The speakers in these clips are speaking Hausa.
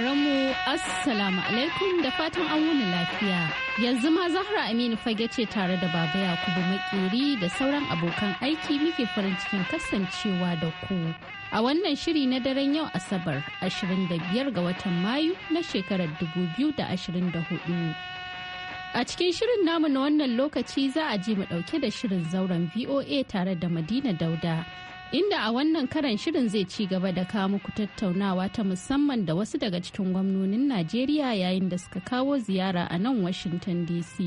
sauraron mu assalamu alaikum da fatan an wuni lafiya. Yanzu ma Zahra Aminu fage ce tare da Baba Yakubu Makiri da sauran abokan aiki muke farin cikin kasancewa da ku. A wannan shiri na daren yau Asabar 25 ga watan Mayu na shekarar 2024. A cikin shirin namu na wannan lokaci za a ji mu dauke da shirin zauren VOA tare da Madina Dauda. inda a wannan karan shirin zai ci gaba da kawo muku tattaunawa ta musamman da wasu daga cikin gwamnonin Najeriya yayin da suka kawo ziyara a nan Washington DC.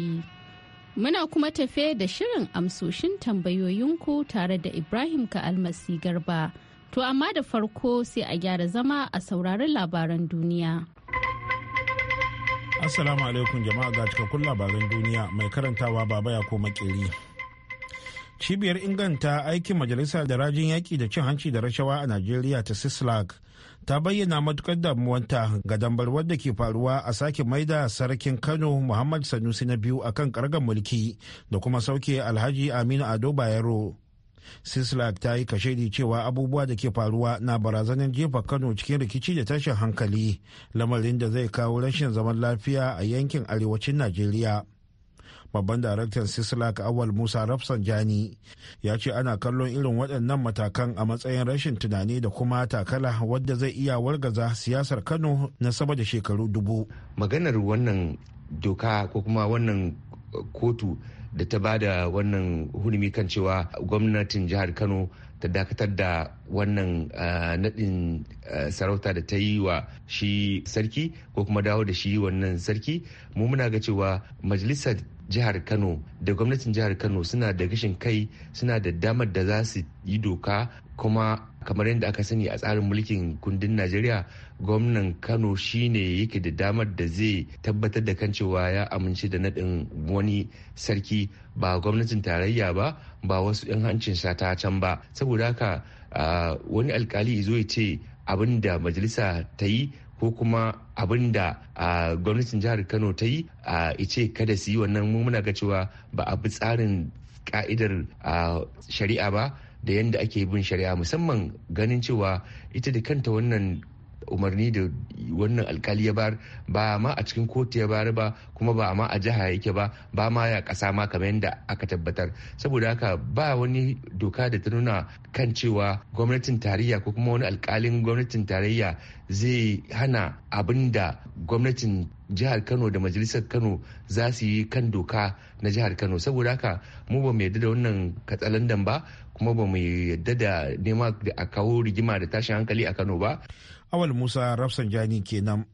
Muna kuma tafe da shirin amsoshin tambayoyinku tare da Ibrahim ka almasi Garba. To amma da farko sai a gyara zama a sauraron labaran duniya. Assalamu alaikum jama'a ga cikakkun labaran duniya mai karantawa baba ya koma kiri. cibiyar inganta aikin majalisa da rajin yaƙi da cin hanci da rashawa a najeriya ta SISLAG ta bayyana matukar damuwanta ga dambar wadda ke faruwa a sake maida sarkin kano muhammad sanusi na biyu akan kargar mulki da kuma sauke alhaji aminu ado bayero SISLAG ta yi kashedi cewa abubuwa da ke faruwa na barazanar jefa kano cikin rikici da tashin hankali lamarin da zai kawo rashin zaman lafiya a yankin arewacin najeriya babban daraktan sislak awal musa rafsan jani ya ce ana kallon irin waɗannan matakan a matsayin rashin tunani da kuma takala wadda zai iya wargaza siyasar kano na sama da shekaru dubu maganar wannan doka ko kuma wannan kotu da ta bada wannan hurumi kan cewa gwamnatin jihar kano ta dakatar da wannan ah, nadin ah, sarauta da ta yi wa shi sarki ko kuma dawo da shi wannan sarki mu muna ga cewa majalisar jihar kano da gwamnatin jihar kano suna da gashin kai suna da damar da za su yi doka kuma kamar yadda aka sani a tsarin mulkin kundin najeriya gwamnan kano shine yake da damar da zai tabbatar da kan cewa ya amince da naɗin wani sarki ba gwamnatin tarayya ba ba wasu 'yan hancin ta can ba saboda haka wani alkali zo ya ce abin da majalisa ta yi ko kuma abin da gwamnatin jihar kano ta yi a ice kada su yi wannan muna ga cewa ba a bi tsarin ka'idar shari'a ba da yadda ake bin shari'a musamman ganin cewa ita da kanta wannan umarni da wannan alkali ya bar ba ma a cikin kotu ya bar ba kuma ba ma a jiha yake ba ba ma ya kasa ma kamar yadda aka tabbatar saboda haka ba wani doka da ta nuna kan cewa gwamnatin tarayya ko kuma wani alkalin gwamnatin tarayya zai hana abin da gwamnatin jihar kano da majalisar kano za su yi kan doka na jihar kano saboda haka mu ba mu yadda da wannan katsalandan ba kuma ba mu yadda da nema a kawo rigima da tashin hankali a kano ba Awal Musa Rafsanjani kenan.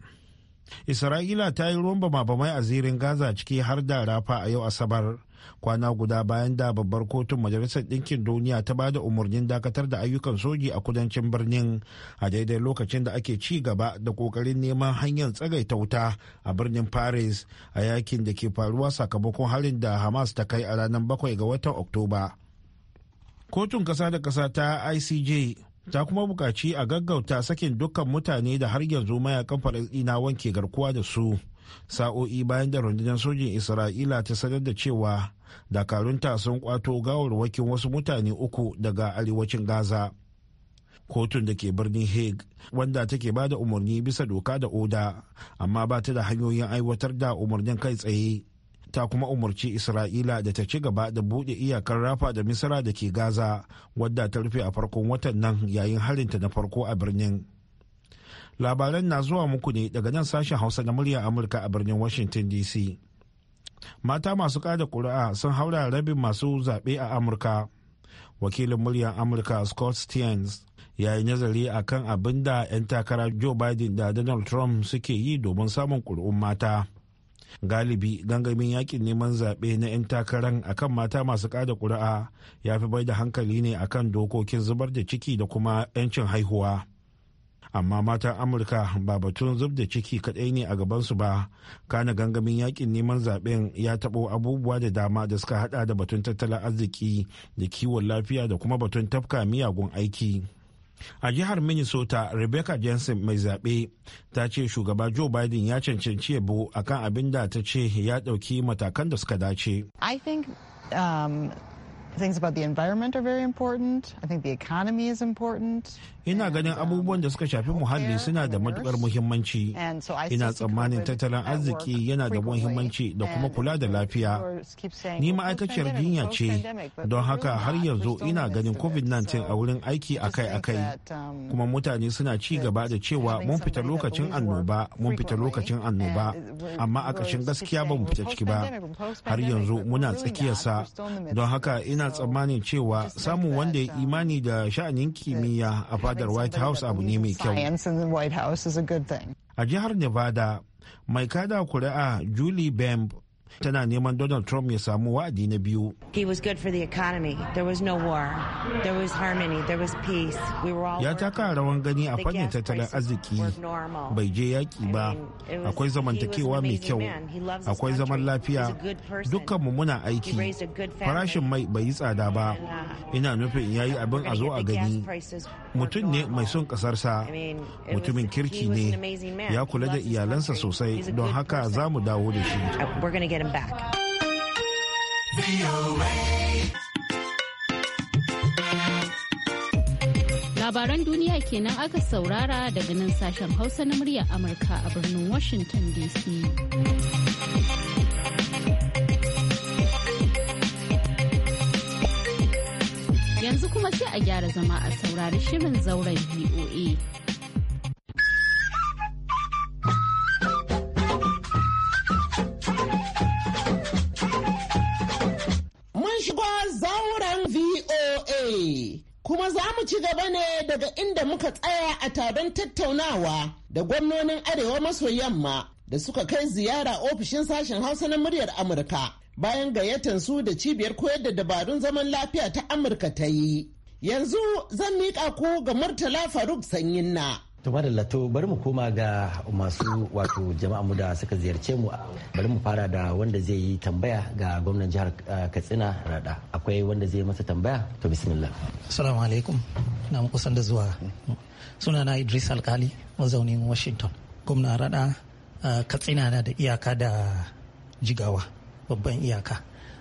Isra'ila ta yi ruwan bama-bamai a zirin Gaza ciki har da rafa a yau Asabar. Kwana guda bayan da babbar kotun Majalisar Ɗinkin Duniya ta ba da umarnin dakatar da ayyukan soji a kudancin birnin a daidai lokacin da ake ci gaba da kokarin neman hanyar tsagaita wuta a birnin Paris a yakin da ke faruwa sakamakon harin da Hamas ta kai a ranar bakwai ga watan Oktoba. Kotun ƙasa da ƙasa ta ICJ ta kuma bukaci a gaggauta sakin dukkan mutane da har yanzu mayakan falasɗinawan wanke garkuwa da su sa'o'i bayan da rundunar sojin isra'ila ta sanar da cewa dakarunta sun kwato gawarwakin wasu mutane uku daga arewacin gaza kotun da ke birnin hague wanda take ba da umarni bisa doka da oda amma ba ta da hanyoyin aiwatar da umarnin kai tsaye ta kuma umarci isra'ila da ta ci gaba da buɗe iyakar rafa da misra da ke gaza wadda ta rufe a farkon watan nan yayin harinta na farko a birnin labaran na zuwa muku ne daga nan sashen hausa na murya amurka a birnin washington dc mata masu kada kuri'a sun haura rabin masu zaɓe a amurka wakilin muryar amurka scott stearns ya yi nazari a kan abin da 'yan takara joe biden da donald trump suke yi domin samun kuri'un mata galibi gangamin yakin neman zaɓe na 'yan takaran akan mata masu kada ƙuri'a ya fi bai da hankali ne a kan dokokin zubar da ciki da kuma 'yancin haihuwa amma matan amurka ba batun zub da ciki kaɗai ne a gabansu ba kana gangamin yakin neman zaɓen ya taɓo abubuwa da dama da suka haɗa da batun tattalin arziki da kiwon lafiya da kuma batun tafka miyagun aiki a jihar minnesota rebecca jensen mai zaɓe ta ce shugaba joe biden ya cancanci yabo akan abin da ta ce ya ɗauki matakan da suka dace i um, Things about the environment are very important. I think the economy is important. Ina ganin abubuwan da suka shafi muhalli suna da matukar muhimmanci. Ina tsammanin tattalin arziki yana da muhimmanci da kuma kula da lafiya. Ni ma'aikaciyar jinya ce, don haka har yanzu ina ganin COVID-19 a wurin aiki akai-akai. Um, kuma mutane suna ci gaba da cewa mun fita lokacin annoba, mun fita lokacin annoba. Amma a ƙashin gaskiya ba mu fita ciki ba. Har yanzu muna tsakiyarsa. Don haka ina ina tsammanin cewa samun wanda ya imani da sha'anin kimiyya a fadar white house abu ne mai kyau a jihar nevada mai kada kuri'a julie bembe. tana neman donald trump ya samu wa'adi na biyu no ya taka rawan gani a fannin tattalin arziki bai je yaƙi ba akwai zamantakewa mai kyau akwai zaman lafiya dukkanmu muna aiki farashin mai bai yi tsada ba uh, ina nufin ya yi abin a zo a gani mutum ne mai son ƙasarsa mutumin kirki ne ya kula da iyalansa sosai don haka za mu dawo da shi come back. Labaran duniya kenan aka saurara daga nan sashen Hausa na muryar Amurka a birnin Washington DC. yanzu kuma sai a gyara zama a saurari shirin zauren VOA. mu ci gaba ne daga inda muka tsaya a taron tattaunawa da gwamnonin Arewa maso yamma da suka kai ziyara ofishin sashen Hausa na muryar Amurka bayan gayyatar su da cibiyar koyar da dabarun zaman lafiya ta Amurka ta yi. Yanzu zan miƙa ku ga Murtala Faruk sanyin na To madalla to bari mu koma ga masu wato jama'a mu da suka ziyarce mu bari mu fara da wanda zai yi tambaya ga gwamnan jihar eh, Katsina Rada akwai wanda zai masa tambaya to bismillah. Assalamu alaikum na muku da zuwa suna na Idris Alkali mazaunin Washington gwamnan Rada eh, Katsina na da iyaka da Jigawa babban iyaka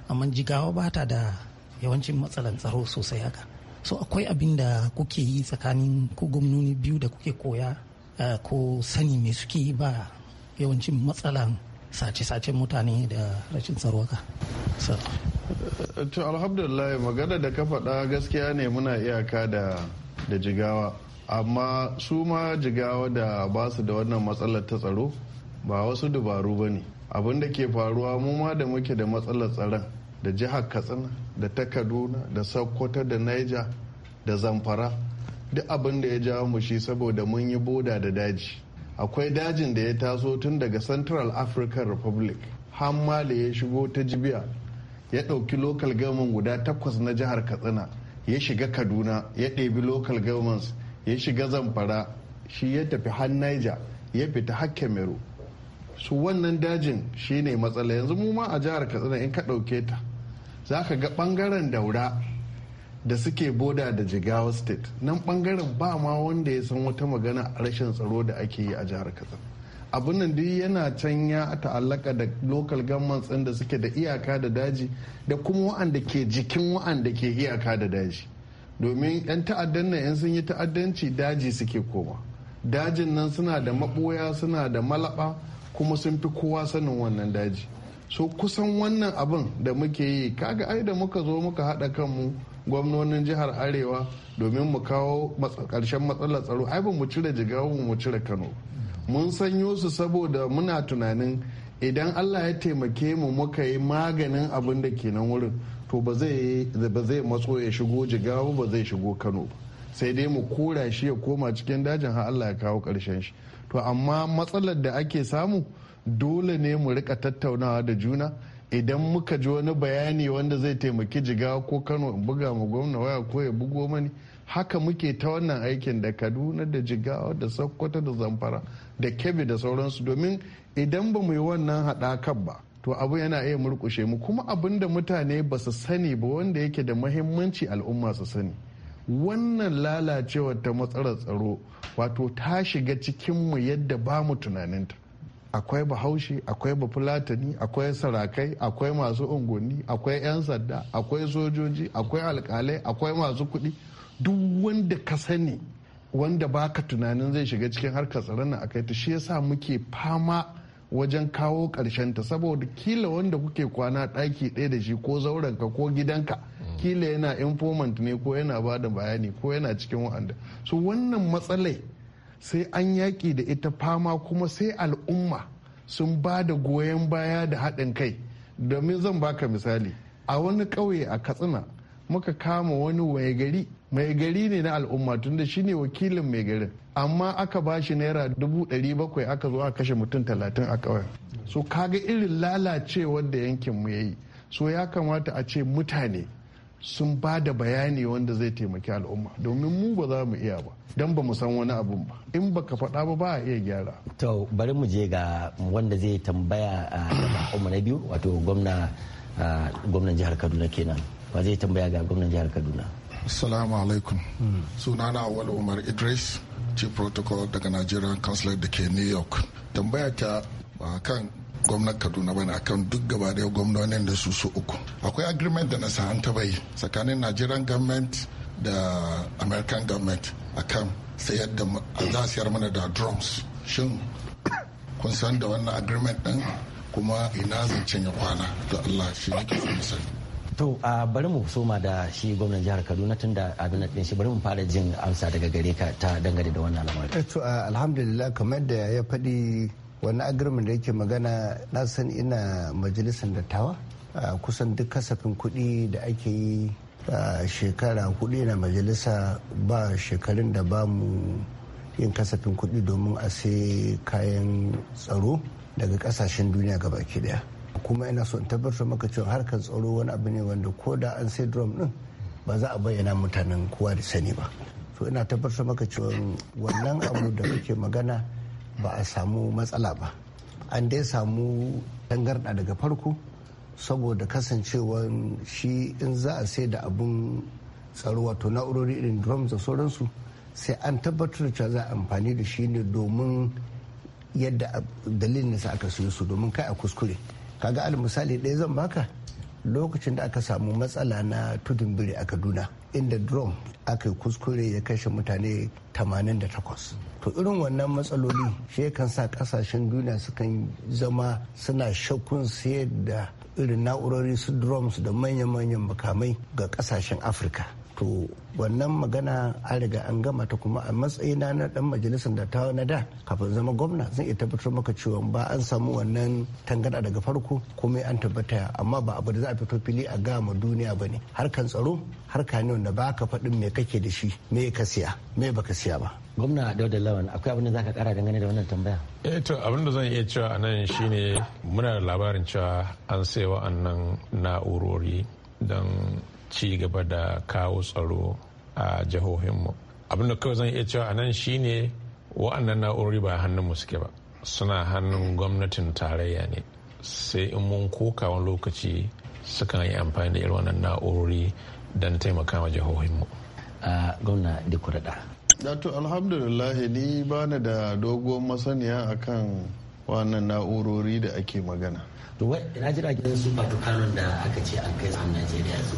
amma Jigawa ba ta da yawancin matsalan tsaro sosai haka. so akwai abin da kuke yi tsakanin ku gwamnoni biyu da kuke koya eh, ko sani mai suke ba yawancin matsalan sace-sacen mutane da rashin tsarwaka eh, to alhamdulillah magana da ka faɗa gaskiya ne muna iyaka da da jigawa amma su ma jigawa da ba su da wannan matsalar ta tsaro ba wasu dubaru ba ne abin da ke faruwa mu ma da muke da matsalar tsaron da jihar katsina da ta kaduna da sokoto da niger da zamfara duk abin da ya jawo mu shi saboda mun yi boda da daji akwai dajin da ya taso tun daga central african republic hammali ya shigo ta jibiya ya ɗauki local government guda takwas na jihar katsina ya shiga kaduna ya ɗebi local governments ya shiga zamfara shi ya tafi har niger ya fita har cameroon su wannan dajin shine matsala yanzu mu ma a jihar katsina in ka ɗauke ta za ka ga bangaren daura da suke boda da jigawa state nan bangaren ba ma wanda ya san wata magana rashin tsaro da ake yi a jihar kasa abin nan duk yana can ya ta'allaka da local governments ɗin da suke da iyaka da daji da kuma wa'anda ke jikin wa'anda ke iyaka da daji domin 'yan ta'addan nan 'yan sun yi ta'addanci daji suke koma dajin nan suna da maɓoya suna da malaba kuma sun fi kowa sanin wannan daji so kusan wannan abin da muke yi kaga ai da muka zo muka haɗa kanmu gwamnonin jihar arewa domin mu kawo karshen matsalar tsaro ai ba mu cire jigawa mu cire kano mun sanyo su saboda muna tunanin idan allah ya taimake mu muka yi maganin abin da ke nan wurin to ba zai matso ya shigo jigawa ba zai shigo kano sai dai mu kora shi ya koma cikin dajin har allah ya kawo karshen shi to amma matsalar da ake samu dole ne mu rika tattaunawa da juna idan muka ji wani bayani wanda zai taimaki jiga ko kano in buga mu gwamna waya ko ya bugo mani haka muke ta wannan aikin da kaduna da jigawa da sokoto da zamfara da kebe da sauransu domin idan ba mu yi wannan haɗakan ba to abu yana iya murkushe mu kuma abin da mutane ba su sani ba wanda yake da mahimmanci al'umma su sani wannan lalacewar ta matsalar tsaro wato ta shiga cikinmu yadda ba mu tunaninta akwai bahaushe akwai bafulatani akwai sarakai akwai masu unguwanni akwai 'yan sadda akwai sojoji akwai alkalai akwai masu kuɗi duk wanda ka sani wanda baka tunanin zai shiga cikin harkar tsaron nan akai ta shi yasa muke fama wajen kawo ƙarshen ta saboda kila wanda kuke kwana daki ɗaya da shi ko zaurenka ko gidanka kila yana informant ne ko yana ba da bayani ko yana cikin wa'anda su wannan matsalai sai an yaƙi da ita fama kuma sai al'umma sun ba da goyon baya da haɗin kai domin zan baka misali a wani ƙauye a katsina muka kama wani mai gari mai gari ne na al'umma tunda shine wakilin mai garin amma aka ba shi naira dubu ɗari bakwai aka zo a kashe mutum talatin a ƙauyen so kaga irin lalacewar da yankin mu yayi so ya kamata a ce mutane sun ba da bayani wanda zai taimaki al'umma domin mu ba za mu iya ba don ba mu san wani abun ba in baka faɗa ba ba a iya gyara to bari mu je ga wanda zai tambaya a umma na biyu wato gwamna gwamnan jihar kaduna kenan ba zai tambaya ga gwamnan jihar kaduna assalamu alaikum hmm. sunana awal umar idris chief protocol daga nigerian consulate da ke new york tambaya ta kan gwamnan kaduna bane akan duk gaba daya gwamnonin da su su uku akwai agreement da na sa'an ta bai tsakanin nigerian government da american government akan sayar da za siyar mana da drums shin kun san da wannan agreement din kuma ina zancen ya kwana da allah shi ne ke sani To a bari mu soma da shi gwamnan jihar Kaduna tun da abin din shi bari mu fara jin amsa daga gare ka ta dangane da wannan lamarin. Eh, to alhamdulillah kamar da ya faɗi wani agreement da yake magana na san ina majalisar dattawa kusan duk kasafin kuɗi da ake yi shekara kuɗi na majalisa ba shekarun da ba mu yin kasafin kuɗi domin a sai kayan tsaro daga kasashen duniya baki daya kuma ina so in tabbatar maka cewa harkar tsaro wani abu ne wanda ko da an sai drum din ba za a bayyana mutanen kowa da sani ba so ina tabbatar maka cewa wannan abu da kake magana ba a samu matsala ba an dai samu tangarɗa daga farko saboda kasancewa shi in za a sai da abun tsaro wato na'urori irin drums da sauransu sai an tabbatar da za a amfani da shi ne domin yadda dalilin sa aka siyo su domin kai a kuskure kaga al misali ɗaya zan baka lokacin da aka samu matsala na tudun biri a kaduna inda drone aka kuskure ya kashe mutane 88 to irin wannan matsaloli shi kan sa kasashen duniya sukan zama suna shakun sayar da irin na'urori su drums da manya-manyan makamai ga kasashen afirka to wannan magana an riga an gama ta kuma a matsayina na dan majalisar da ta na da kafin zama gwamna zan iya tabbatar maka cewa ba an samu wannan tangana daga farko kuma an tabbata amma ba abu da za a fito fili a gama duniya ba ne harkan tsaro harka ne wanda ba ka faɗin me kake da shi me ka siya me baka siya ba gwamna dauda lawan akwai abin da za ka kara dangane da wannan tambaya eh to abin da zan iya cewa a nan shine muna da labarin cewa an sai wa'annan na'urori don ci gaba da kawo tsaro a jihohinmu abin da kawai zan iya cewa a nan shine wa'annan na'urori ba hannun mu suke ba suna hannun gwamnatin tarayya ne sai in mun koka wani lokaci sukan yi amfani da irin wannan na'urori don taimaka ma jihohinmu. Ah, gwamna da Dato alhamdulillah ni bani da dogon masaniya a kan wannan na'urori da ake magana. To wai ina jira gidan su kanun da aka ce an kai a Najeriya su.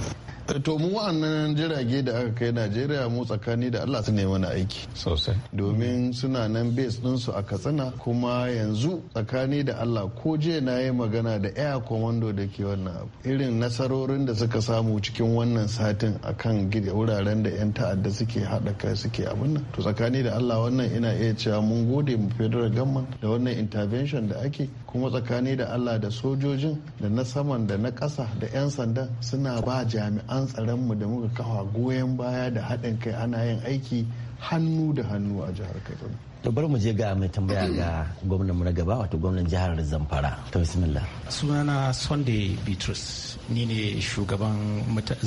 to mu wa'annan jirage da aka kai najeriya mu tsakani da allah su ne mana aiki sosai domin suna nan base ɗinsu a katsina kuma yanzu tsakani da allah ko je na yi magana da air commando da ke wannan abu irin nasarorin da suka samu cikin wannan satin akan gida wuraren da 'yan ta'adda suke haɗa kai suke abin nan to tsakani da allah wannan ina iya cewa mun gode mu federal government da wannan intervention da ake kuma tsakani da allah da sojojin da na saman da na ƙasa da 'yan sandan suna ba jami'an tsaron mu da muka kafa goyon baya da haɗin kai ana yin aiki hannu da hannu a jihar kaduna to bari mu je ga mai tambaya ga gwamnan mu na gaba wato gwamnan jihar zamfara to bismillah sunana sunday bitrus ni ne shugaban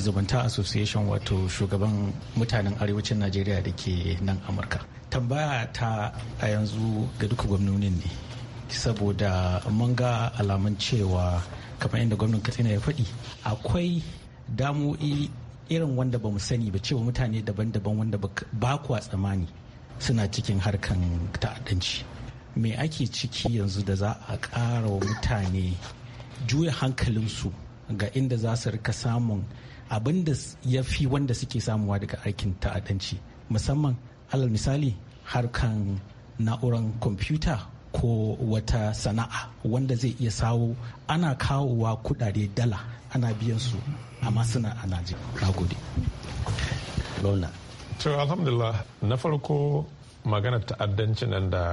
zumunta association wato shugaban mutanen arewacin najeriya da ke nan amurka tambaya ta a yanzu ga duka gwamnonin ne saboda mun ga alamun cewa kamar yadda gwamnan katsina ya faɗi akwai damo'i irin wanda ba sani ba cewa mutane daban-daban wanda ba kuwa tsamani suna cikin harkan ta'addanci me ake ciki yanzu da za a ƙara wa mutane juya hankalinsu ga inda za su rika samun abin da ya fi wanda suke samuwa daga aikin ta'addanci musamman alal misali harkan na'uran kwamfuta ko wata sana'a wanda zai iya sawo ana kawowa kudade dala ana biyan su amma suna a najeriya gode to alhamdulillah na farko magana ta'addanci nan da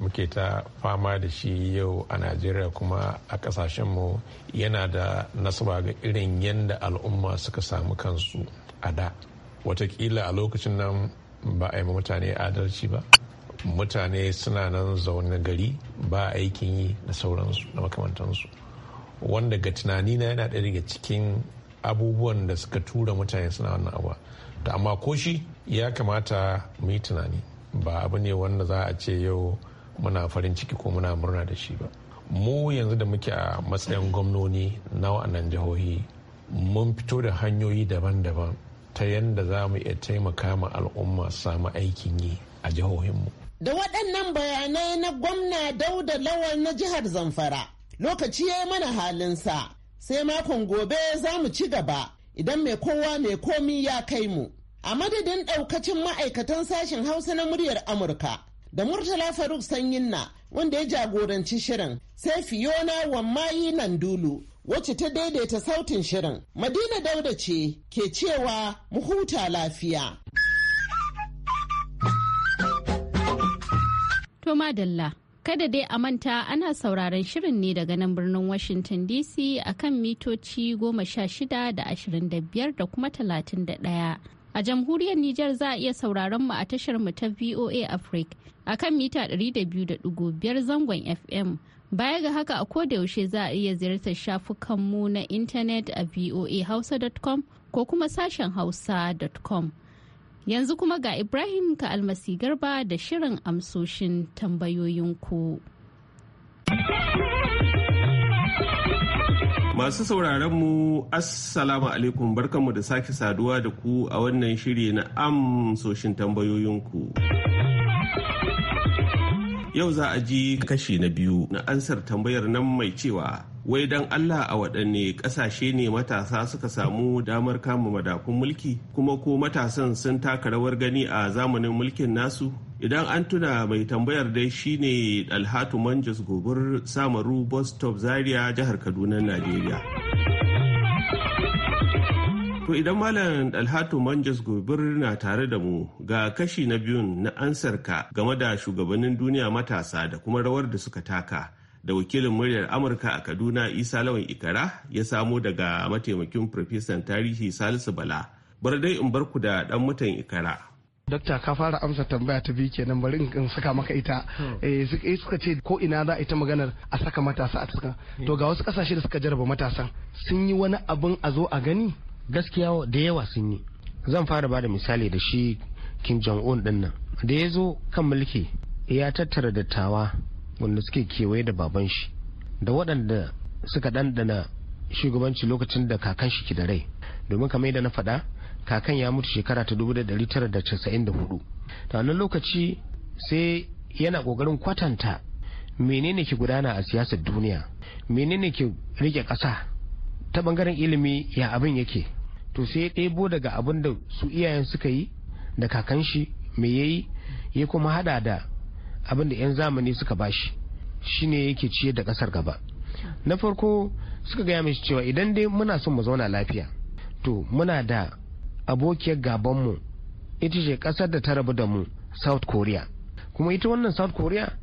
muke ta fama da shi yau a najeriya kuma a mu yana da nasaba ga irin yadda al'umma suka samu kansu a da watakila a lokacin nan ba a yi mutane adalci ba mutane suna nan zaune gari ba aikin yi da sauransu na makamantansu wanda ga tunani na yana ɗaya daga cikin abubuwan da suka tura mutane suna wannan abuwa to amma ko shi ya kamata mu yi tunani ba abu ne wanda za a ce yau muna farin ciki ko muna murna da shi ba mu yanzu da muke a matsayin gwamnoni na wa'annan jihohi mun fito da hanyoyi daban-daban ta yadda za mu iya taimaka ma al'umma samu aikin yi a jihohinmu Da waɗannan bayanai na gwamna dauda lawal na jihar Zamfara, lokaci ya yi mana halinsa, sai makon gobe za mu ci gaba idan mai kowa mai komi ya kai mu. A madadin ɗaukacin ma'aikatan sashen Hausa na muryar Amurka, da Murtala Faruk Sanyinna wanda ya jagoranci shirin, sai Fiona Wammayi Nandulu, wacce ta daidaita sautin shirin. Madina Dauda ce ke cewa mu huta lafiya. To madalla, kada dai a manta ana sauraron shirin ne daga nan birnin Washington DC akan mitoci goma sha shida da ashirin da kuma talatin da ɗaya. A jamhuriyar Nijar za a iya sauraron mu a tashar mu ta VOA Africa akan mita 200.5 zangon FM. Baya ga haka a yaushe za a iya ziyartar shafukanmu na intanet a voahausa.com ko kuma sashen hausa.com. Yanzu kuma ga Ibrahim ka almasi garba da shirin amsoshin tambayoyinku. Masu sauraronmu, Assalamu alaikum barkanmu da sake saduwa da ku a wannan shiri na amsoshin tambayoyinku. Yau za a ji kashi na biyu na ansar tambayar nan mai cewa wai don Allah a waɗanne ƙasashe ne matasa suka samu damar kama madafun mulki kuma ko matasan sun taka rawar gani a zamanin mulkin nasu idan an tuna mai tambayar dai shine alhatu manjus gobir samaru bus stop zaria jihar kaduna najeriya To idan Malam Dalhatu Manjas Gobir na tare da mu ga kashi na biyun na ansarka game da shugabannin duniya matasa da kuma rawar da suka taka da wakilin muryar Amurka a Kaduna Isa Lawan Ikara ya samo daga mataimakin Farfesan Tarihi Salisu Bala. Bar dai in barku da ɗan mutan Ikara. Dokta ka fara amsa tambaya ta biyu kenan bari in saka maka ita. Hmm. Eh, eh suka ce ko ina za a ita maganar a saka matasa a cikin. Hmm. To ga wasu kasashe da suka jarraba matasan sun yi wani abin a zo a gani? gaskiya da yawa sun yi zan fara ba da misali da shi kim jong un din nan da ya zo kan mulki ya tattara dattawa wanda suke kewaye da baban shi da waɗanda suka ɗanɗana shugabanci lokacin da kakan shi ke da rai domin kamar yadda na faɗa kakan ya mutu shekara ta 1994 ta wannan lokaci sai yana ƙoƙarin kwatanta menene ke gudana a siyasar duniya menene ke rike ƙasa ta ɓangaren ilimi ya abin yake to sai ya ɗebo daga abin da su iyayen suka yi da kakan shi me ya yi ya kuma hada da abin da 'yan zamani suka bashi shine yake ciye da ƙasar gaba na farko suka gaya mishi cewa idan dai muna son mu zauna lafiya to muna da abokiyar gabanmu ita ce ƙasar da ta rabu da mu south korea kuma ita wannan south korea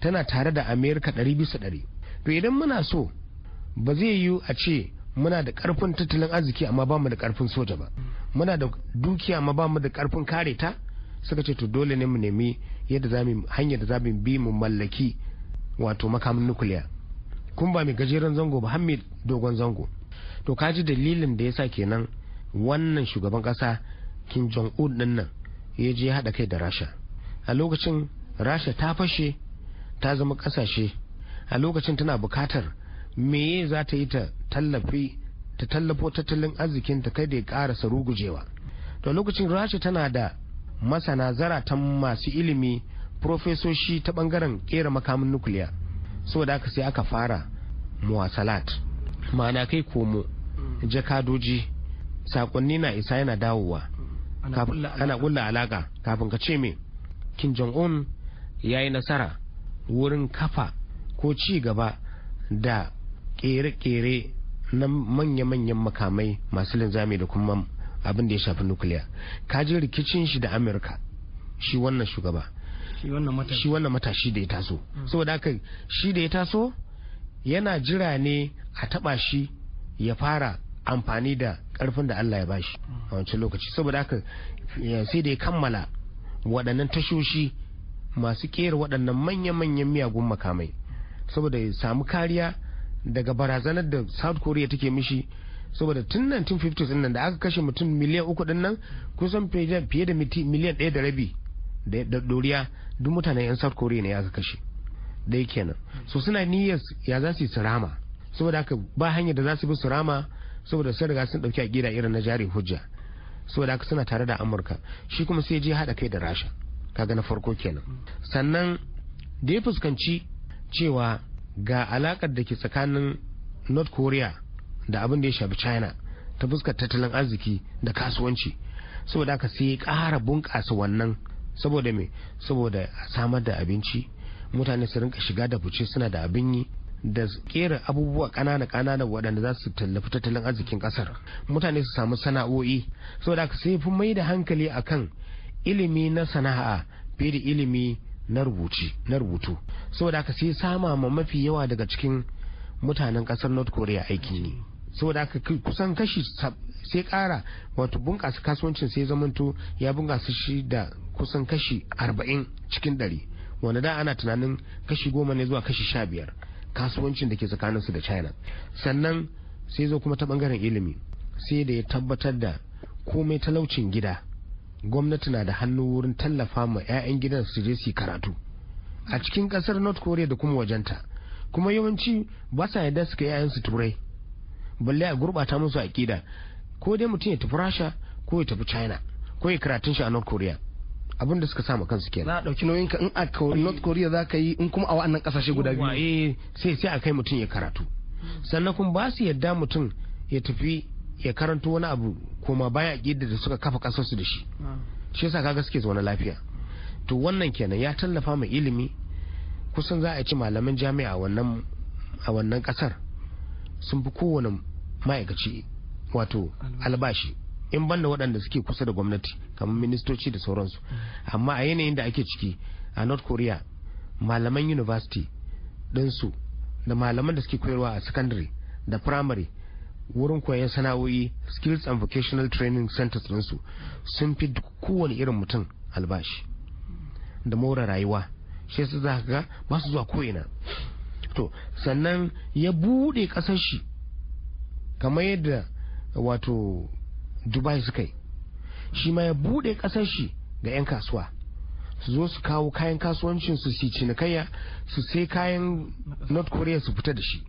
tana tare da america 100 to idan muna so ba zai yiwu a ce muna da karfin tattalin arziki amma ba mu da karfin soja ba muna da dukiya amma ba mu da karfin kare ta suka ce to dole ne mu nemi yadda za mu hanyar da za mu bi mu mallaki wato makamin nukuliya kun ba mai gajeren zango ba hamid dogon zango to kaji dalilin da yasa kenan wannan shugaban kasa kim jong un din nan ya je hada kai da rasha a lokacin rasha ta fashe ta zama kasashe. a lokacin tana bukatar meye za ta yi ta tallafi ta tallafo tattalin arzikin ta kada ya karasa rugujewa to lokacin Rashi tana da masana zaratan masu ilimi profesoshi ta bangaren kera makamin nukiliya. saboda aka sai aka fara muwasalat ma'ana kai komo jakadoji sakonni na isa yana dawowa ana kulla alaka kafin ka ce me kin jong ya yi nasara wurin kafa ko ci gaba da kere-kere na manya-manyan makamai masu linzami da kuma abin da ya shafi nukiliya ka kajin rikicin shi da amurka shi wannan shugaba shi wannan matashi da ya taso hmm. saboda haka shi da ya taso yana jira ne a taba shi ya fara amfani da karfin da Allah ya bashi hmm. a wancan lokaci saboda haka sai da ya kammala waɗannan tashoshi masu ƙera waɗannan manya-manyan miyagun makamai saboda ya samu kariya daga barazanar da south korea take mishi saboda tun 1950s nan da aka kashe mutum miliyan uku din nan kusan fiye da miliyan ɗaya da rabi da doriya duk mutanen 'yan south korea ne aka kashe Da yake nan so suna niyyar ya za su yi rama saboda haka ba hanyar da za su bi su rama saboda sun riga sun ɗauki aƙida irin na jari hujja saboda haka suna tare da amurka shi kuma sai je haɗa kai da rasha kaga na farko kenan sannan da ya fuskanci cewa ga alakar da ke tsakanin north korea da abin da ya shafi china ta fuskar tattalin arziki da kasuwanci saboda haka sai ya kara bunƙasa wannan saboda me saboda samar da abinci mutane su rinka shiga da fice suna da abin yi da kera abubuwa ƙanana kanana waɗanda za su tallafi tattalin arzikin ƙasar mutane su samu sana'o'i saboda aka sai fi mai da hankali akan ilimi na sana'a fiye da ilimi na rubutu saboda haka sai sama ma mafi yawa daga cikin mutanen kasar north korea aiki ne saboda haka kusan kashi sai kara wato bunƙasa kasuwancin sai zamanto ya bunkasa shi da kusan kashi arba'in cikin ɗari wanda da ana tunanin kashi goma ne zuwa kashi sha biyar kasuwancin da ke tsakanin su da china sannan sai zo kuma ta bangaren ilimi sai da ya tabbatar da komai talaucin gida gwamnati na da hannu wurin tallafa ma 'ya'yan gidan su je su karatu a cikin kasar north korea da kuma wajenta kuma yawanci ba sa yarda suka 'ya'yan su turai balle a gurbata musu aƙida ko dai mutum ya tafi rasha ko ya tafi china ko ya karatun shi a north korea abin da suka sa ma kansu kenan Na dauki nauyin ka in a eh. north korea za ka yi in kuma a wannan kasashe guda biyu eh, sai sai a kai mutum ya karatu sannan kuma ba su yarda mutum ya tafi ya karanto wani abu kuma baya aƙidar da suka kafa kasarsu da shi ah. shi yasa kaga suke zaune lafiya to wannan kenan ya tallafa ma ilimi kusan za a ci malaman jami'a a wannan ƙasar sun fi kowane ma'aikaci wato albashi in banda waɗanda suke kusa da gwamnati kamar ministoci da sauransu hmm. amma a yanayin da ake ciki a north korea malaman university ɗinsu da malaman da suke koyarwa a secondary da primary wurin koyon sana'o'i skills and vocational training centers ɗinsu sun fi kowane irin mutum albashi da more rayuwa shi su za ga ba su zuwa ko'ina to sannan ya bude kasar shi kamar yadda wato dubai suka yi shi ma ya bude ƙasar shi ga 'yan kasuwa su zo su kawo kayan kasuwancin su si cinikayya su sai kayan north korea su fita da shi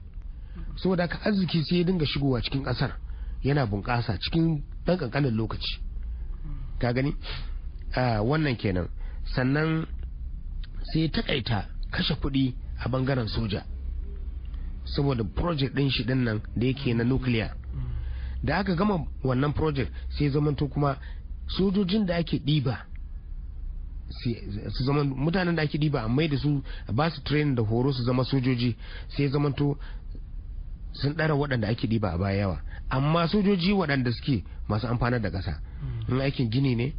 saboda haka arziki sai ya dinga shigowa cikin kasar yana bunƙasa cikin ɗan ƙanƙanin lokaci ka gani wannan kenan sannan sai ya takaita kashe kuɗi a bangaren soja saboda project ɗin shi ɗin nan da yake na nuclear da aka gama wannan project sai zamanto kuma sojojin da ake ɗiba su zama mutanen da ake ɗiba a mai da su ba su training da horo su zama sojoji sai zamanto sun ɗara waɗanda ake ɗiba a baya yawa amma sojoji waɗanda suke masu amfanar da ƙasa hmm. in aikin gini ne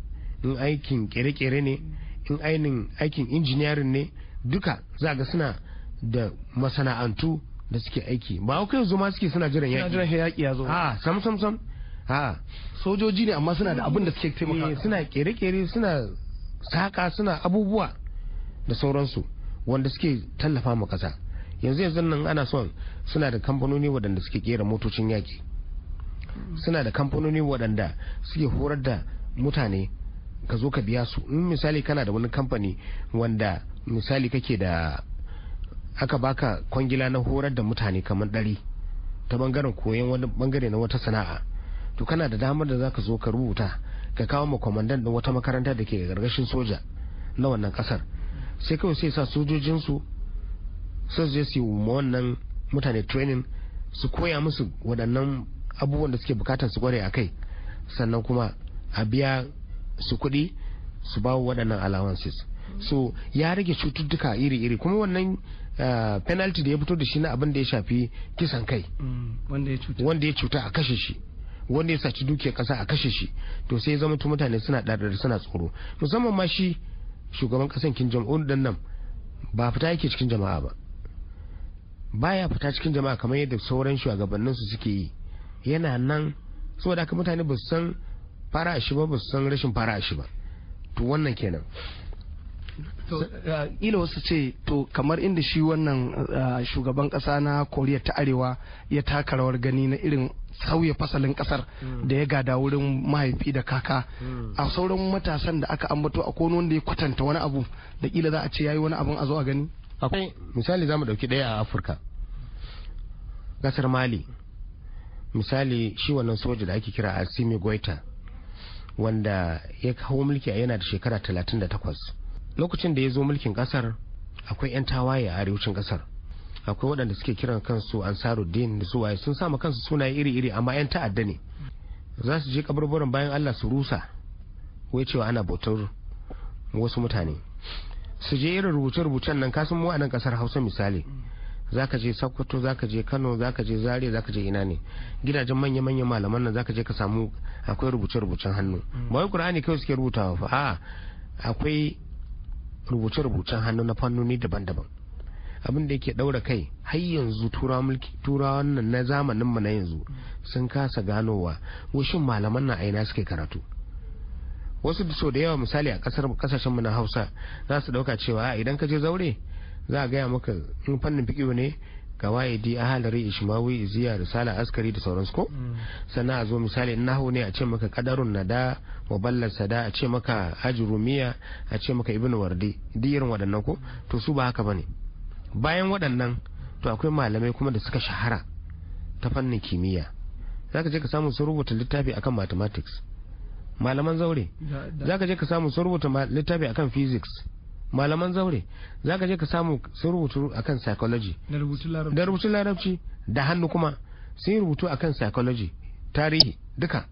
in aikin kere-kere ne in ainin aikin injiniyarin ne duka za ga suna da masana'antu da suke aiki ba kai yanzu ma suke suna jiran yaƙi suna jiran yaƙi ya zo ha sam sam sam ha sojoji ne amma suna da abin da suke taimaka eh, suna kere-kere suna saka suna abubuwa da sauransu wanda suke tallafa ma ƙasa yanzu yanzu nan ana son suna da kamfanoni waɗanda suke kera motocin yaki suna da kamfanoni waɗanda suke horar da mutane ka zo ka biya su in misali kana da wani kamfani wanda misali kake da aka baka kwangila na horar da mutane kamar ɗari ta bangaren koyon wani bangare na wata sana'a to kana da damar da za ka zo ka rubuta ka kawo ma kwamandan da wata makaranta da ke gargashin soja na wannan kasar sai kawai sai sa sojojinsu sai su je su yi wannan mutane training su koya musu waɗannan abubuwan da suke bukatar su gware a kai sannan kuma a biya su kuɗi su ba waɗannan allowances so ya rage cututtuka iri-iri kuma wannan eh, penalty da ya fito da shi na abin da ya shafi kisan kai mm, wanda ya cuta a kashe shi wanda ya saci dukiyar kasa a kashe shi to sai ya zama mutane suna ɗarar suna tsoro musamman ma shi shugaban kasan kin jam'un nan ba fita yake cikin jama'a ba baya fita cikin jama'a kamar yadda sauran shugabannin su suke yi yana nan saboda haka mutane ba su san fara shi ba ba su san rashin fara shi ba to wannan kenan uh, ila wasu ce to kamar inda shi wannan uh, shugaban kasa na koriya ta arewa ya taka rawar gani na irin sauya fasalin kasar hmm. da ya gada wurin mahaifi da kaka hmm. a sauran matasan da aka ambato a kono wanda ya kwatanta wani abu da kila za a ce yayi wani abun a zo a gani akwai misali za mu ɗauki ɗaya a afirka ƙasar mali misali shi wannan soja da ake kira asimi goita wanda ya kawo mulki a yana da shekara 38 lokacin da ya zo mulkin ƙasar akwai 'yan tawaye a arewacin ƙasar akwai waɗanda suke kiran kansu ansaruddin da su waye sun sama kansu sunaye iri-iri amma 'yan ta'adda ne za su je kaburburan bayan allah su rusa wai cewa ana bautar wasu mutane su je irin rubuce-rubucen nan kasan mu a nan kasar hausa misali zaka je sokoto zaka je kano ka je zaria zaka je ina ne gidajen manya-manya malaman nan zaka je ka samu akwai rubuce-rubucen hannu mm. ba wai qur'ani kawai suke rubutawa fa akwai rubuce-rubucen hannu na fannoni daban-daban abin da yake daura kai har yanzu turawa mulki turawa nan na zamanin mu na yanzu sun kasa ganowa wushin malaman nan aina suke karatu wasu so da yawa misali a kasashen mu na hausa za su dauka cewa idan ka je zaure za a gaya maka in fannin fikiyo ne kawaidi ahalari ishmawi iziya risala askari da sauransu ko mm. sannan a zo misali in nahu ne a ce maka kadarun nada wa ballar sada a ce maka ajrumiya a ce maka ibn wardi diyarin waɗannan ko to su ba haka bane bayan waɗannan to akwai malamai kuma da suka shahara ta fannin kimiyya zaka je ka samu su rubuta littafi akan mathematics malaman zaure za ka je ka samu sun rubuta littafi akan physics malaman zaure za ka je ka samu sun rubutu akan psychology da rubutun larabci da hannu kuma sun yi rubutu akan psychology tarihi duka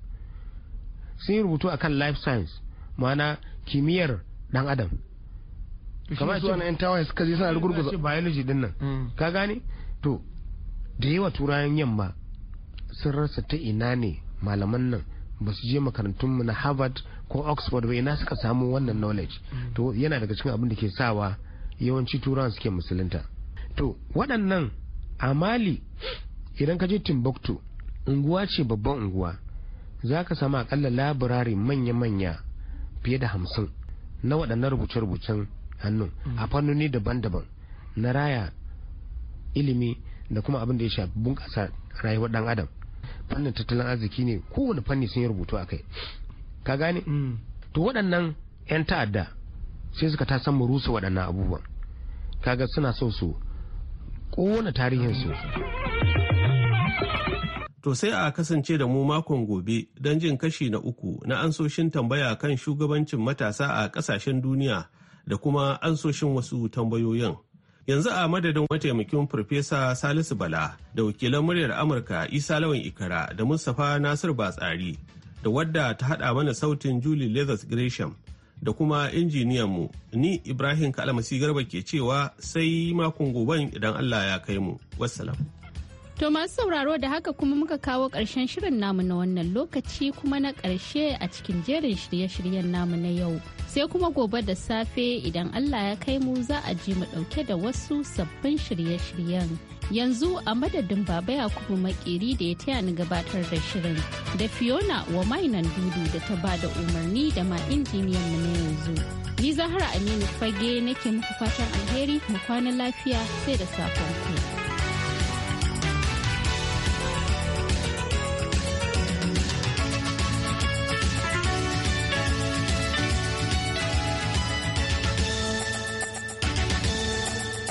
sun yi rubutu akan life science ma'ana kimiyyar dan adam kamar su wani 'yan tawaye suka je suna rugurguza biology din nan mm. ka gane to da yawa turayen yamma sun rasa ta ina ne malaman nan ba su je makarantunmu na harvard ko oxford ba ina suka samu wannan knowledge to yana daga cikin abin da ke sawa yawanci turawan suke musulunta to waɗannan a mali idan ka je timbuktu unguwa ce babban unguwa za ka samu akalla labirari manya-manya fiye da hamsin na waɗannan rubuce-rubucen hannu mm. a fannoni daban-daban na raya ilimi da kuma abin da ya shafi bunƙasa rayuwar ɗan adam fannin tattalin arziki ne kowane fanni sun yi rubutu a kai ka gane mm. to waɗannan 'yan ta'adda sai suka ta san rusa waɗannan abubuwan kaga suna so su kona tarihinsu to sai a kasance da mu makon gobe don jin kashi na uku na ansoshin tambaya kan shugabancin matasa a ƙasashen duniya da kuma ansoshin wasu tambayoyin. yanzu a madadin mataimakin farfesa salisu bala da wakilan muryar amurka isa lawan ikara da mustapha nasir batsari da wadda ta hada mana sautin julie leathers gresham da kuma injiniyan mu ni ibrahim kalamasi garba ke cewa sai makon goban idan allah ya kai mu wassalam To masu sauraro da haka kuma muka kawo ƙarshen shirin namu na wannan lokaci kuma na ƙarshe a cikin jerin shirye-shiryen namu na yau. Sai kuma gobe da safe idan Allah ya kai mu za a ji mu ɗauke da wasu sabbin shirye-shiryen. Yanzu a madadin baba ya kuma makiri da ya taya ni gabatar da shirin. Da Fiona wa mainan dudu da ta ba da umarni da ma injiniyan mu na yanzu. Ni Zahra Aminu Fage nake muku fatan alheri mu kwana lafiya sai da safon ku.